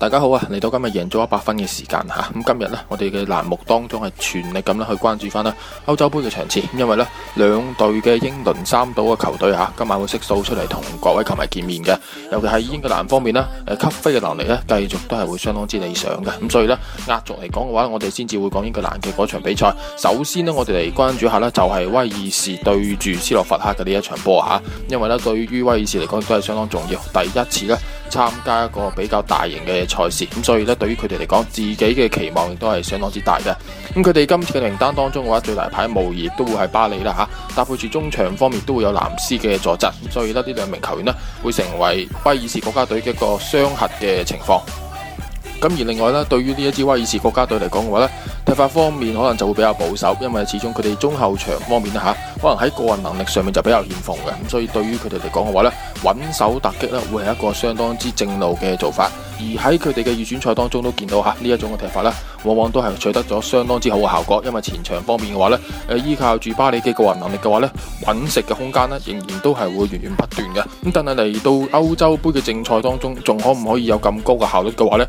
大家好啊！嚟到今日贏足 100FUN 嘅時間嚇，咁今日呢，我哋嘅欄目當中係全力咁去關注翻啦歐洲杯嘅場次，因為呢兩隊嘅英倫三島嘅球隊嚇、啊，今晚會悉數出嚟同各位球迷見面嘅。尤其係英格蘭方面咧，誒吸飛嘅能力呢，繼續都係會相當之理想嘅。咁所以呢，壓軸嚟講嘅話，我哋先至會講英格蘭嘅嗰場比賽。首先呢，我哋嚟關注一下呢，就係威爾士對住斯洛伐克嘅呢一場波下、啊、因為呢，對於威爾士嚟講都係相當重要，第一次呢。參加一個比較大型嘅賽事，咁所以咧，對於佢哋嚟講，自己嘅期望亦都係相當之大嘅。咁佢哋今次嘅名單當中嘅話，最大牌無疑都會係巴里啦嚇，搭配住中場方面都會有藍斯嘅坐鎮，所以呢，呢兩名球員呢，會成為威爾士國家隊嘅一個雙核嘅情況。咁而另外呢，對於呢一支威爾士國家隊嚟講嘅話呢，踢法方面可能就會比較保守，因為始終佢哋中後場方面咧嚇，可能喺個人能力上面就比較欠奉嘅，咁所以對於佢哋嚟講嘅話呢。穩手突擊啦，會係一個相當之正路嘅做法。而喺佢哋嘅預選賽當中都見到嚇呢一種嘅踢法啦，往往都係取得咗相當之好嘅效果。因為前場方面嘅話呢，誒依靠住巴里嘅個人能力嘅話呢，揾食嘅空間咧，仍然都係會源源不斷嘅。咁但係嚟到歐洲杯嘅正賽當中，仲可唔可以有咁高嘅效率嘅話呢，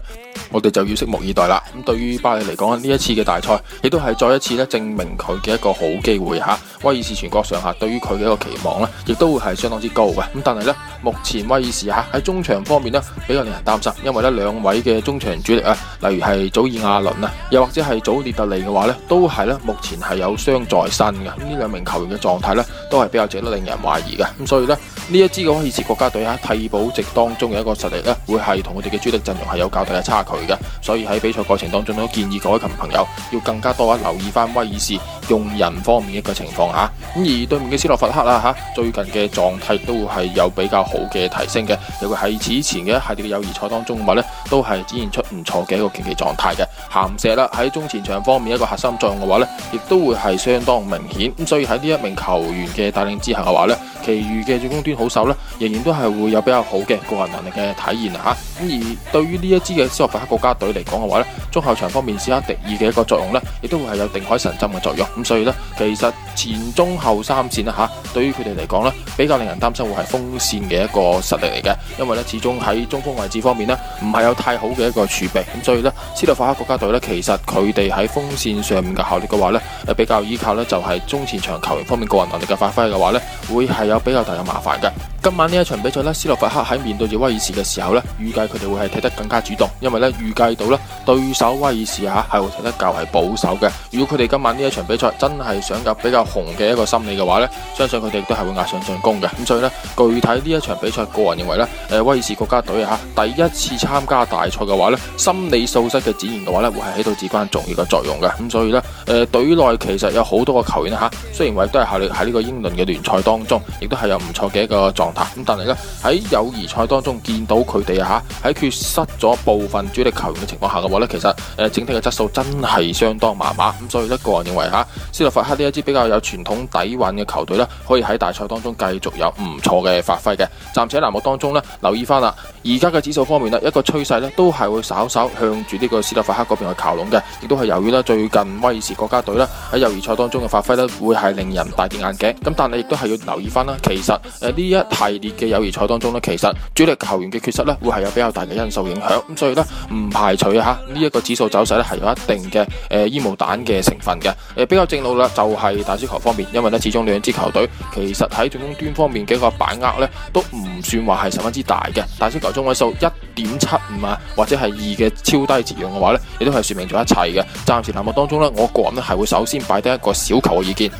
我哋就要拭目以待啦。咁對於巴里嚟講，呢一次嘅大賽亦都係再一次咧，證明佢嘅一個好機會嚇。威爾士全國上下對於佢嘅一個期望呢，亦都會係相當之高嘅。咁但係咧。目前威爾士吓喺中場方面咧比較令人擔心，因為咧兩位嘅中場主力啊，例如係祖爾亞倫啊，又或者係祖列特利嘅話咧，都係咧目前係有傷在身嘅，呢兩名球員嘅狀態咧都係比較值得令人懷疑嘅，咁所以咧。呢一支嘅威爾士國家隊喺替補席當中嘅一個實力咧，會係同我哋嘅主力陣容係有較大嘅差距嘅，所以喺比賽過程當中都建議各位朋友要更加多一留意翻，威爾士用人方面一個情況吓。咁而對面嘅斯洛伐克啦吓，最近嘅狀態都係有比較好嘅提升嘅，尤其係此前嘅一系列嘅友誼賽當中嘅話咧，都係展現出唔錯嘅一個競技狀態嘅。咸射啦，喺中前場方面一個核心作用嘅話咧，亦都會係相當明顯。咁所以喺呢一名球員嘅帶領之下嘅話咧。其餘嘅進攻端好手咧，仍然都係會有比較好嘅個人能力嘅體現啊吓咁，而對於呢一支嘅斯洛伐克國家隊嚟講嘅話咧，中後場方面斯克迪爾嘅一個作用咧，亦都會係有定海神針嘅作用。咁所以咧，其實前中後三線啦吓，對於佢哋嚟講咧，比較令人擔心會係鋒線嘅一個實力嚟嘅，因為咧始終喺中鋒位置方面咧，唔係有太好嘅一個儲備。咁所以咧，斯洛伐克國家隊咧，其實佢哋喺鋒線上面嘅效力嘅話咧，比較依靠咧就係中前場球員方面個人能力嘅發揮嘅話咧，會係。有比較大嘅麻煩嘅。今晚呢一場比賽咧，斯洛伐克喺面對住威爾士嘅時候咧，預計佢哋會係踢得更加主動，因為咧預計到咧對手威爾士吓，係會踢得較為保守嘅。如果佢哋今晚呢一場比賽真係想入比較紅嘅一個心理嘅話咧，相信佢哋都係會壓上進攻嘅。咁所以咧，具體呢一場比賽，個人認為咧，誒威爾士國家隊嚇第一次參加大賽嘅話咧，心理素質嘅展現嘅話咧，會係起到至關重要嘅作用嘅。咁所以咧，誒隊內其實有好多個球員吓，雖然話都係效力喺呢個英倫嘅聯賽當中，亦都係有唔錯嘅一個狀。咁但係咧，喺友誼賽當中見到佢哋啊，喺缺失咗部分主力球員嘅情況下嘅話咧，其實誒整體嘅質素真係相當麻麻咁，所以呢，個人認為吓，斯洛伐克呢一支比較有傳統底蘊嘅球隊呢，可以喺大賽當中繼續有唔錯嘅發揮嘅。暫且欄目當中呢，留意翻啦，而家嘅指數方面呢，一個趨勢呢都係會稍稍向住呢個斯洛伐克嗰邊去靠攏嘅，亦都係由於呢最近威爾士國家隊呢喺友誼賽當中嘅發揮呢，會係令人大跌眼鏡，咁但係亦都係要留意翻啦，其實誒呢一系列嘅友誼賽當中咧，其實主力球員嘅缺失咧，會係有比較大嘅因素影響，咁所以咧唔排除啊，呢一個指數走勢咧係有一定嘅誒煙霧彈嘅成分嘅，誒比較正路啦就係大小球方面，因為咧始終兩支球隊其實喺進攻端方面嘅一個把握咧都唔算話係十分之大嘅，大小球中位數一點七五啊或者係二嘅超低值用嘅話咧，亦都係說明咗一切嘅。暫時欄目當中咧，我個人咧係會首先擺低一個小球嘅意見。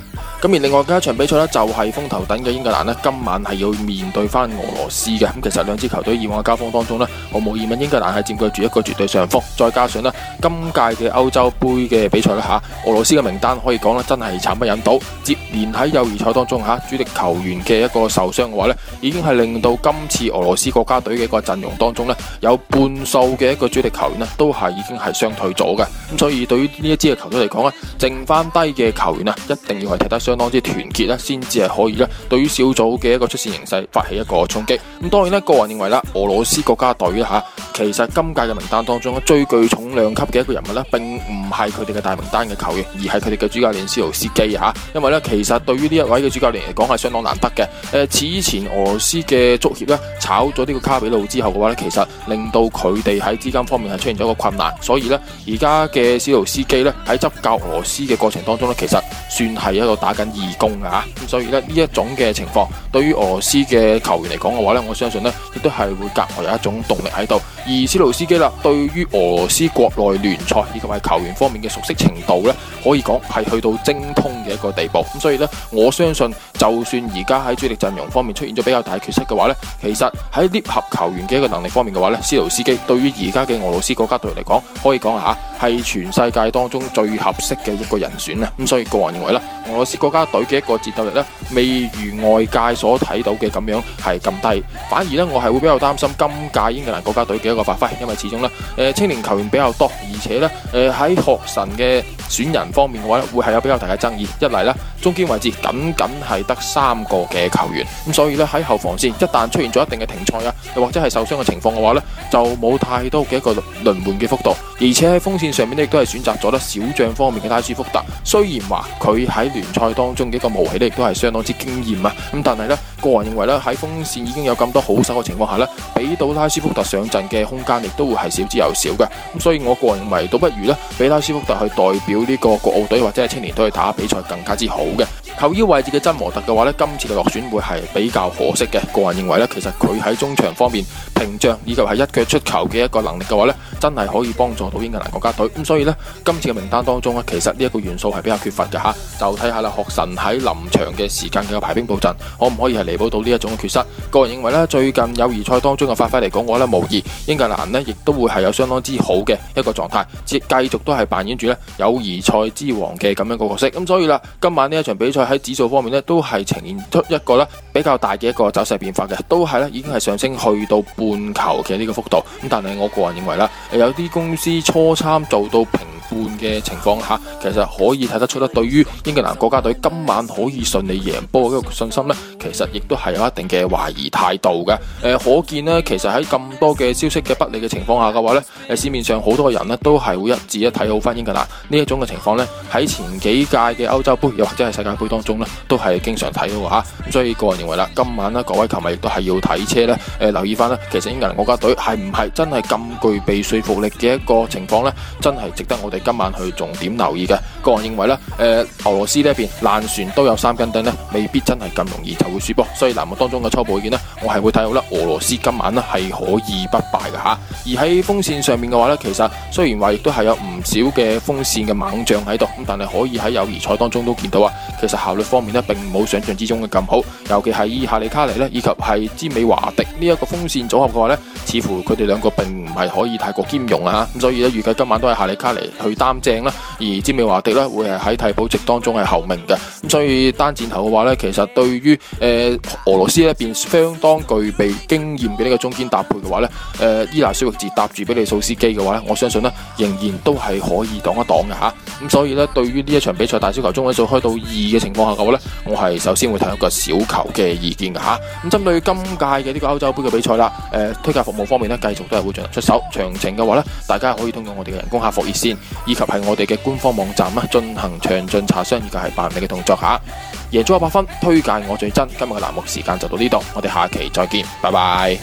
咁而另外嘅一場比賽咧，就係風頭等嘅英格蘭呢，今晚係要面對翻俄羅斯嘅。咁其實兩支球隊以往嘅交鋒當中呢，毫無疑問英格蘭係佔據住一個絕對上風。再加上呢，今屆嘅歐洲杯嘅比賽咧下俄羅斯嘅名單可以講啦，真係慘不忍睹。接連喺友誼賽當中下主力球員嘅一個受傷嘅話呢，已經係令到今次俄羅斯國家隊嘅一個陣容當中呢，有半數嘅一個主力球員呢，都係已經係傷退咗嘅。咁所以對於呢一支嘅球隊嚟講呢，剩翻低嘅球員呢，一定要係踢得相當之團結咧，先至係可以咧。對於小組嘅一個出線形勢發起一個衝擊。咁當然咧，個人認為啦，俄羅斯國家隊咧吓，其實今屆嘅名單當中最具重量級嘅一個人物咧，並唔係佢哋嘅大名單嘅球員，而係佢哋嘅主教練斯盧斯基啊。因為咧，其實對於呢一位嘅主教練嚟講係相當難得嘅。誒，此前俄羅斯嘅足協咧炒咗呢個卡比路之後嘅話咧，其實令到佢哋喺資金方面係出現咗一個困難。所以咧，而家嘅斯盧斯基咧喺執教俄羅斯嘅過程當中咧，其實。算係一個打緊義工嘅，咁所以呢呢一種嘅情況，對於俄羅斯嘅球員嚟講嘅話呢，我相信呢亦都係會格外有一種動力喺度。而斯盧斯基喇，對於俄羅斯國內聯賽以及係球員方面嘅熟悉程度呢，可以講係去到精通嘅一個地步。咁所以呢，我相信就算而家喺主力陣容方面出現咗比較大缺失嘅話呢，其實喺捏合球員嘅一個能力方面嘅話呢，斯盧斯基對於而家嘅俄羅斯國家隊嚟講，可以講吓係全世界當中最合適嘅一個人選啊，咁所以個人。俄羅斯國家隊嘅一個戰鬥力呢，未如外界所睇到嘅咁樣係咁低，反而呢，我係會比較擔心今屆英格蘭國家隊嘅一個發揮，因為始終呢誒、呃、青年球員比較多，而且呢誒喺、呃、學神嘅選人方面嘅話呢，會係有比較大嘅爭議。一嚟呢，中堅位置僅僅係得三個嘅球員，咁所以呢喺後防線一旦出現咗一定嘅停賽啊，又或者係受傷嘅情況嘅話呢，就冇太多嘅一個輪換嘅幅度，而且喺鋒線上面呢，亦都係選擇咗得少將方面嘅拉斯福特。雖然話佢佢喺聯賽當中嘅一個武器咧，亦都係相當之驚艷啊！咁但係呢，個人認為呢，喺鋒線已經有咁多好手嘅情況下呢，俾到拉斯福特上陣嘅空間，亦都會係少之又少嘅。咁所以我個人認為，倒不如呢，俾拉斯福特去代表呢個國奧隊或者係青年隊去打比賽，更加之好嘅。球衣位置嘅真模特嘅話呢，今次嘅落選會係比較可惜嘅。個人認為呢，其實佢喺中場方面屏障，以及係一腳出球嘅一個能力嘅話呢。真係可以幫助到英格蘭國家隊咁，所以呢，今次嘅名單當中呢，其實呢一個元素係比較缺乏嘅吓，就睇下啦，學神喺臨場嘅時間嘅排兵布陣，可唔可以係彌補到呢一種嘅缺失？個人認為呢，最近友誼賽當中嘅發揮嚟講，我呢無疑英格蘭呢，亦都會係有相當之好嘅一個狀態，接繼續都係扮演住呢友誼賽之王嘅咁樣個角色。咁所以啦，今晚呢一場比賽喺指數方面呢，都係呈現出一個呢比較大嘅一個走勢變化嘅，都係呢已經係上升去到半球嘅呢個幅度。咁但係我個人認為啦。有啲公司初參做到平半嘅情況下，其實可以睇得出得。對於英格蘭國家隊今晚可以順利贏波嘅信心呢，其實亦都係有一定嘅懷疑態度嘅。可見呢，其實喺咁多嘅消息嘅不利嘅情況下嘅話呢，市面上好多人呢都係會一致一睇好翻英格蘭呢一種嘅情況呢，喺前幾屆嘅歐洲杯又或者係世界盃當中呢，都係經常睇到。吓，所以個人認為啦，今晚呢各位球迷亦都係要睇車呢、呃，留意翻呢。其實英格蘭國家隊係唔係真係咁具備水？福力嘅一個情況呢，真係值得我哋今晚去重點留意嘅。個人認為呢，誒、呃，俄羅斯呢一邊爛船都有三斤釘呢，未必真係咁容易就會輸波。所以欄目當中嘅初步意見咧，我係會睇好啦，俄羅斯今晚呢，係可以不敗嘅吓。而喺鋒線上面嘅話呢，其實雖然話亦都係有唔少嘅鋒線嘅猛將喺度，咁但係可以喺友誼賽當中都見到啊，其實效率方面呢，並冇想象之中嘅咁好。尤其係夏利卡尼呢，以及係詹美華迪呢一個鋒線組合嘅話呢，似乎佢哋兩個並唔係可以太過。兼容啊，咁所以咧預計今晚都係夏利卡尼去擔正啦，而詹美華迪咧會係喺替補席當中係候命嘅，咁所以單箭頭嘅話咧，其實對於誒、呃、俄羅斯呢邊相當具備經驗嘅呢個中堅搭配嘅話咧，誒、呃、伊納舒克治搭住比利素斯基嘅話咧，我相信呢，仍然都係可以擋一擋嘅吓，咁、啊、所以咧對於呢一場比賽大小球中位數開到二嘅情況下嘅話咧，我係首先會睇一個小球嘅意見嘅吓，咁、啊、針對今屆嘅呢個歐洲杯嘅比賽啦，誒、啊、推介服務方面咧繼續都係會盡力出手詳情。嘅話咧，大家可以通過我哋嘅人工客服熱線，以及係我哋嘅官方網站啊，進行詳盡查詢，以及係辦理嘅動作吓。贏足 100FUN，推介我最真。今日嘅欄目時間就到呢度，我哋下期再見，拜拜。